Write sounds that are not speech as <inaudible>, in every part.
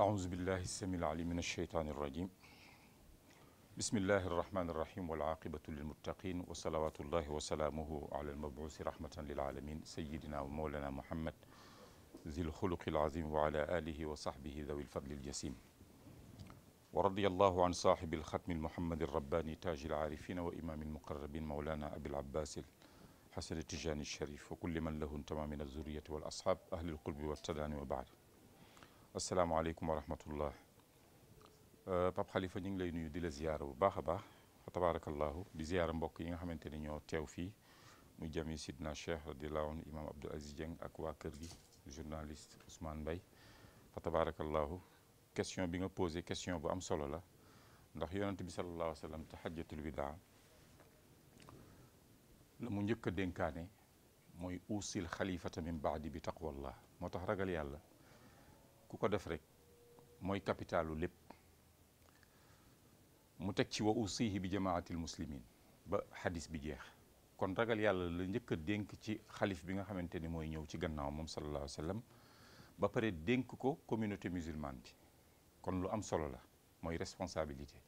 أعوذ بالله السميع العليم من الشيطان الرجيم بسم الله الرحمن الرحيم والعاقبة للمتقين وصلوات الله وسلامه على المبعوث رحمة للعالمين سيدنا ومولانا محمد ذي الخلق العظيم وعلى آله وصحبه ذوي الفضل الجسيم ورضي الله عن صاحب الختم المحمد الرباني تاج العارفين وإمام المقربين مولانا أبي العباس حسن التجاني الشريف وكل من له انتمى من الذرية والأصحاب أهل القلب والتداني وبعد asalaamaaleykum wa rahmatullah euh, Pape Khalifa ñu ngi lay nuyu di la ziyaara bu baax a baax fa tabarakallahu di ziyaara mbokk yi nga xamante ni ñoo teew fii mu jami sidna cheikh radiallahu anhu imam Abdou Aziz Dieng ak waa kër gi journaliste Ousmane Mbaye fa tabarakallahu question bi nga posé question bu am solo la ndax yonent bi sallallahu alayhi wa sallam te xajjatul wida la mu njëkk a dénkaane mooy uusil xalifata min baadi bi taqwallah moo tax ragal yàlla ku ko def rek mooy capitalu lépp mu teg ci wa usihi bi jamaatil muslimin ba xadis bi jeex kon ragal yàlla la njëkk dénk ci xalif bi nga xamante ni mooy ñëw ci gannaaw moom sallallahu alayhi wa ba pare dénk ko communauté musulmane bi kon lu am solo la mooy responsabilité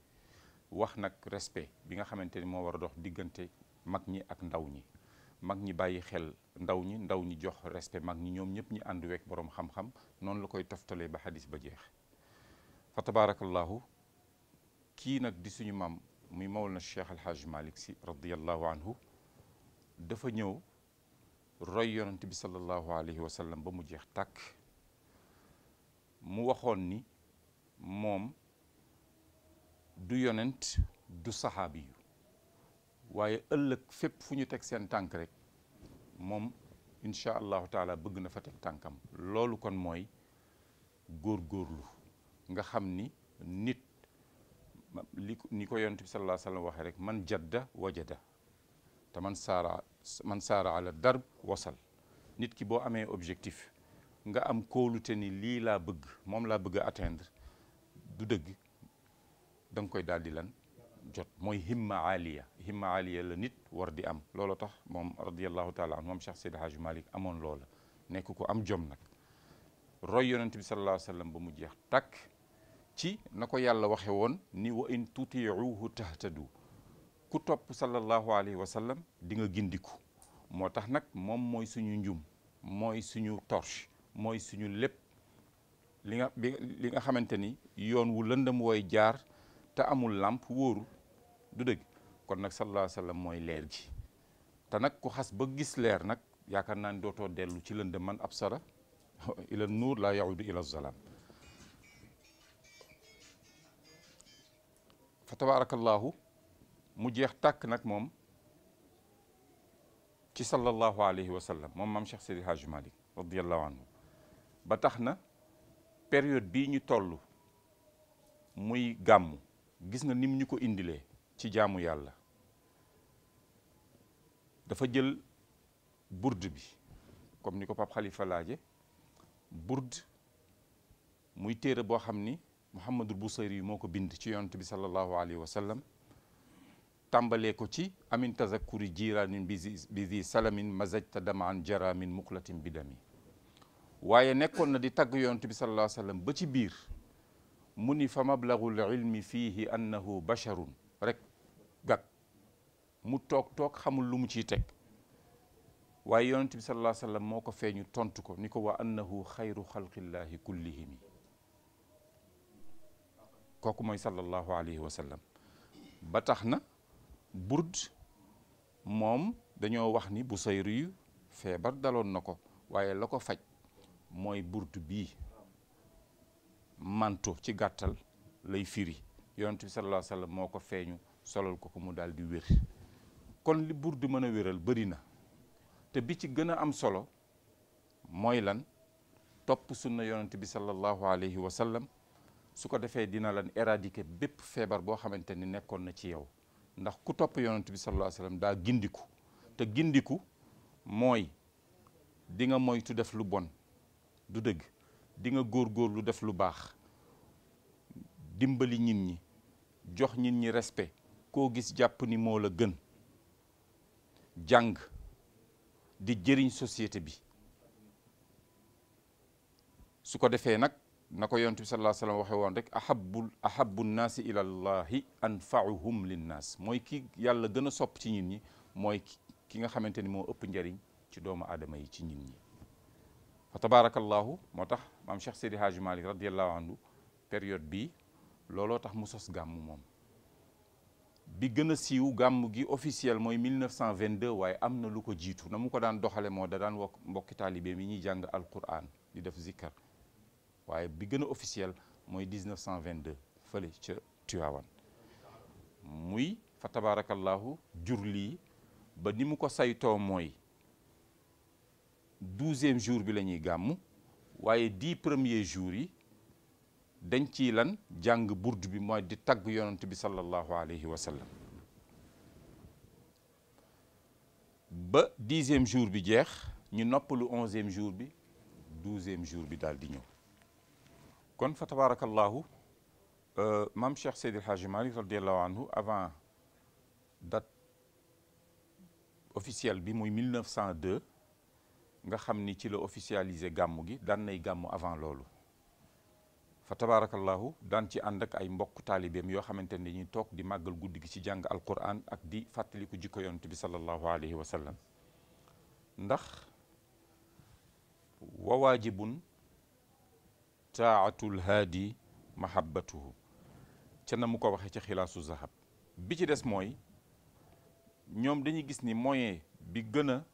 wax nag respe bi nga xamante ni moo war a dox diggante mag ñi ak ndaw ñi mag ñi bàyyi xel ndaw ñi ndaw ñi jox respect mag ñi ñoom ñëpp ñi ànd week borom xam-xam noonu la koy toftalee ba xadis ba jeex fa tabarakallahu kii nag di suñu maam muy mawlana na Al Hadj Malick si radiyallahu anhu dafa ñëw roy yonent bi sallallahu alayhi wa sallam ba mu jeex tàkk mu waxoon ni moom du yonent du saxaabi yu waaye ëllëg fépp fu ñu teg seen tànk rek moom incha allahu taala bëgg na fa teg tànkam loolu kon mooy góorgóorlu nga xam ni nit li ni ko yonent bi sallallahu alayhi wa sallam waxee rek man jadda wajada te man saara man saara ala darb wasal nit ki boo amee objectif nga am kóolute ni lii laa bëgg moom laa bëgg a du dëgg da koy daal di lan jot mooy himma aaliya himma aaliya la nit war di am loolu tax moom radiallahu taala anhu moom Cheikh Seydi Hadji amoon loola nekk ko am jom nag roy yonent bi sallallahu alayhi wa sallam ba mu jeex takk ci na ko yàlla waxe woon ni wa in tutiuhu tahtadu ku topp sallallahu alayhi wa sallam di nga gindiku moo tax nag moom mooy suñu njum mooy suñu torche mooy suñu lépp li nga li nga xamante ni yoon wu lëndëm wooy jaar te amul làmp wóoru du dëgg kon nag sallallahu alayhi mooy leer ji te nag ku xas ba gis leer nag yaakaar naa ni dootoo dellu ci lënd man absara <laughs> ila nuur la yaudu ila zalaam fa tabaarakallaahu mu jeex tàkk nag moom ci sallallahu alayhi wa sallam moom maam Cheikh Seydi Hadj Malick radiallahu anhu ba tax na période bii ñu toll muy gàmm gis nga nim ñu ko indilee ci jaamu yàlla dafa jël burd bi comme ni ko Pape Khalifa laaje burd muy téere boo xam ni Mouhamadul Bousayri yi moo ko bind ci yonent bi sallallahu alayhi wa tàmbalee ko ci amin tazakkuri jiraanin bi zi salamin mazajta damaan jaramin muqlatin bidami waaye nekkoon na di tagg yonent bi sallallahu alayhi ba ci biir mu ni fa mablaghul ilmi fiihi annahu basharun rek gag mu toog toog xamul lu mu ciy teg waaye yonent bi sallallahu wa sallam moo ko feeñu tontu ko ni ko wa annahu xayru xalqillahi kullihimi kooku mooy sallallahu alayhi wa sallam ba tax na burd moom dañoo wax ni Busayri yu feebar daloon na ko waaye la ko faj mooy burd bii manto ci gàttal lay firi yonent bi sallallahu alayhi wa moo ko feeñu solol ko ko mu daal di wér kon li buur di mën a wéral bëri na te bi ci gën a am solo mooy lan topp sunna yonent bi sallallahu alayhi su ko defee dina lan éradiquer bépp feebar boo xamante ni nekkoon na ci yow ndax ku topp yonent bi sallallahu alayhi wa sallam daa gindiku te gindiku mooy di nga moytu def lu bon du dëgg di nga lu def lu baax dimbali nit ñi jox nit ñi respect koo gis jàpp ni moo la gën jàng di jëriñ société bi su ko defee nag na ko yoontu bi sallallahu alayhi wasallam waxe woon rek ahabbu ahabbu nnaasi ila llahi anfa'uhum linnaas mooy ki yàlla gën a sopp ci nit ñi mooy ki nga xamante ni moo ëpp njëriñ ci doomu aadama yi ci nit ñi fa tabaarakallahu moo tax maam Cheikh Seydi Hadji Malick radiyallahu anhu période bii looloo tax mu sos gàmm moom bi gën a siiw gàmm gi officiel mooy 1922 waaye am na lu ko jiitu na mu ko daan doxale moo da daan wokk mbokki taalibe mi ñuy jàng al alquran di def zikkar waaye bi gën a officiel mooy 1922 fële ca Tiwaawan muy fa tabaarakallahu jur lii ba ni mu ko saytoo mooy douzième jour bi la ñuy gàmm waaye dix premier jour yi dañ ci lan jàng burdu bi mooy di tagg yonent bi sallallahu alayhi wa sallam ba dixième jour bi jeex ñu noppalu onzième jour bi douzième jour bi daal di ñëw kon fa tabarakallahu euh, maam Cheikh Seydi El Hadji Malick radiallahu anhu avant dat officielle bi muy 1902 nga xam ni ci la officialisé gàmmu gi daal nay gàmmu avant loolu fa tabaarakallaahu daan ci ànd ak ay mbokk taalibeem yoo xamante ne dañuy toog di màggal guddi gi ci jàng alquran ak di fàttaliku jikko yonent bi sallallahu alayhi wa sallam ndax wa waajibun taatul haadi mahabbatuhu ca na mu ko waxee ci xilaasu zahab bi ci des mooy ñoom dañuy gis ni moyen bi gën a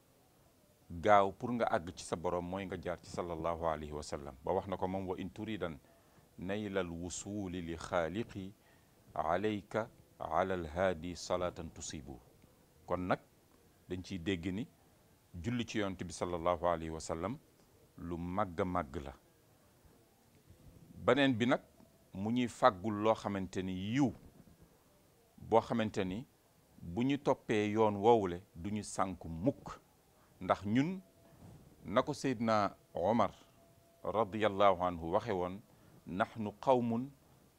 gaaw pour nga àgg ci sa borom mooy nga jaar ci sallallahu alayhi wa sallam ba wax na ko moom wa in turidan nayla alwusuli li xaaliqi alayka ala alhaadi salaatan tusibu kon nag dañ ciy dégg ni julli ci yonent bi sallallahu alayhi wa lu màgg màgg la beneen bi nag mu ñuy fàggul loo xamante ni yiw boo xamante ni bu ñu toppee yoon woowule du ñu sànk mukk ndax ñun na ko Seydina Omar radiyallahu anhu waxe woon nahnu qawmun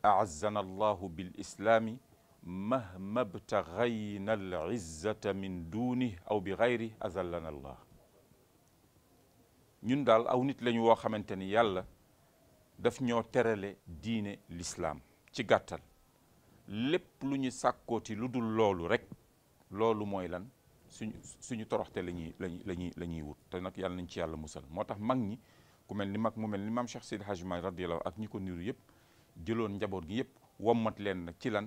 a'azzana allahu bil islaami mahma btaghayna al izzata min duunih aw bi gayri azallana allah ñun daal aw nit lañu woo xamante ni yàlla daf ñoo terale diine l'islaam ci gàttal lépp lu ñu sàkkooti lu dul loolu rek loolu mooy lan suñu suñu toroxte la ñuy la ñuy la ñuy wut te nag yàlla nañ ci yàlla musal moo tax mag ñi ku mel ni mag mu mel ni maam Cheikh Seydi Hadji Malick radiyallahu ak ñi ko niru yëpp jëloon njaboot gi yëpp wommat leen nag ci lan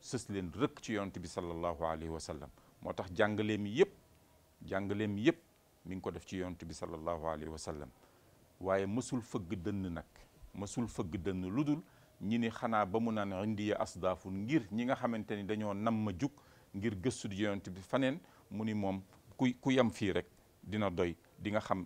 sës leen rëkk ci yonent bi sallallahu alayhi wa sallam moo tax jàngale mi yëpp jàngale mi yëpp mi ngi ko def ci yonent bi sallallahu alayhi wa waaye mësul fëgg dënn nag mësul fëgg dënn lu dul ñi ni xanaa ba mu naan indiya asdaafun ngir ñi nga xamante ni dañoo nam ma jug ngir gëstu di yonent bi faneen mu ni moom ku ku yem fii rek dina doy di xam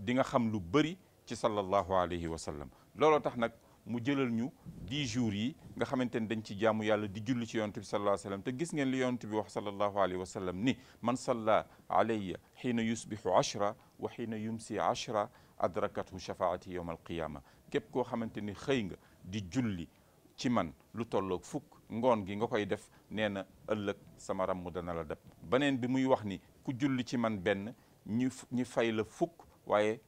di nga xam lu bëri ci sallallahu alayhi wa sallam looloo tax nag mu jëlal ñu di jours yi nga xamante ni dañ ci jaamu yàlla di julli ci yonent bi sallallahu alayhi wa te gis ngeen li yonent bi wax sallallahu alayhi wa sallam ni man salla alayya xiina yusbihu ashra wa xiina yumsi ashra adrakathu shafaati yowma alqiyama képp koo xamante ni xëy nga di julli ci man lu tolloog fukk ngoon gi nga koy def nee na ëllëg sama mu dana la dab beneen bi muy wax ni ku julli ci man benn ñu ñu fay la fukk waaye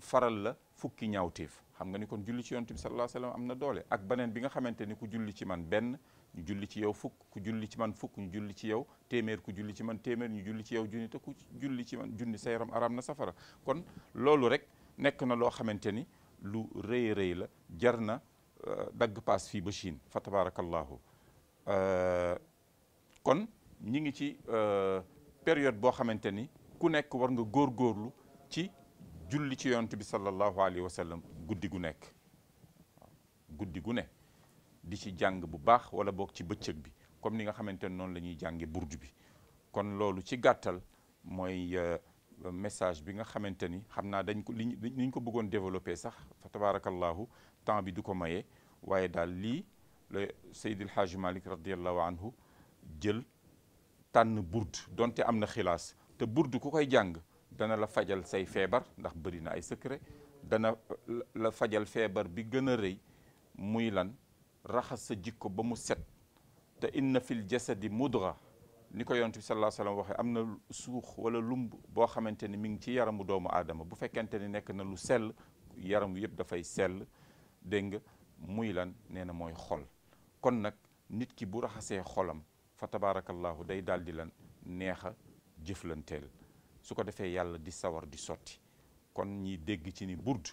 faral la fukki ñaawteef xam nga ni kon julli ci yonent bi sallallahu wa sallam am na doole ak beneen bi nga xamante ni ku julli ci man benn ñu julli ci yow fukk ku julli ci man fukk ñu julli ci yow téeméer ku julli ci man téeméer ñu julli ci yaw junni te ku julli ci man junni sa yaram araam na safara kon loolu rek nekk na loo xamante ni lu rëy rëy la jar na euh, dagg paas fii ba Chine fa tabarakallahu euh, kon ñi ngi ci euh, période boo xamante ni ku nekk war nga góor góorlu ci julli ci yonent bi sallallahu alayhi wa guddi gu nekk guddi gu ne di ci jàng bu baax wala boog ci bëccëg bi comme ni nga xamante ne noonu la ñuy jànge burdu bi kon loolu ci gàttal mooy euh, message bi nga xamante ni xam naa dañ ko li ñu ko bëggoon développé sax fa tabarakallahu temps bi du ko maye waaye daal lii la Seydil Haaji Malik radiallahu anhu jël tànn burd donte am na xilaas te burdu ku koy jàng dana la fajal say feebar ndax bëri na ay secret dana la fajal feebar bi gën a rëy muy lan raxas sa jikko ba mu set te inna fil jasadi mudra ni ko yont bi sallallahu alayhi wasallam waxee am na suux wala lumb boo xamante ni mi ngi ci yaramu doomu aadama bu fekkente ni nekk na lu sell yaramu yëpp dafay sell dégg nga muy lan nee na mooy xol kon nag nit ki bu raxasee xolam fa tabaarakallahu day daal di lan neexa jëflanteel su ko defee yàlla di sawar di sotti kon ñi dégg ci ni burd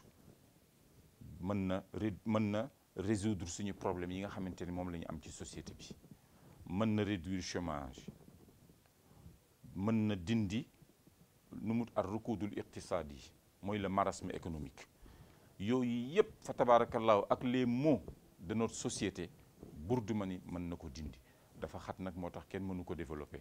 mën na mën na résoudre suñu problème yi nga xamante ni moom lañu am ci société bi mën na réduire chômage mën na dindi nu mu ar rukudul iqtisaad yi mooy le marasme économique yooyu yëpp fa tabaarakallaahu ak les maux de notre société burdu ma ni mën na ko dindi dafa xat nag moo tax kenn mënu ko développe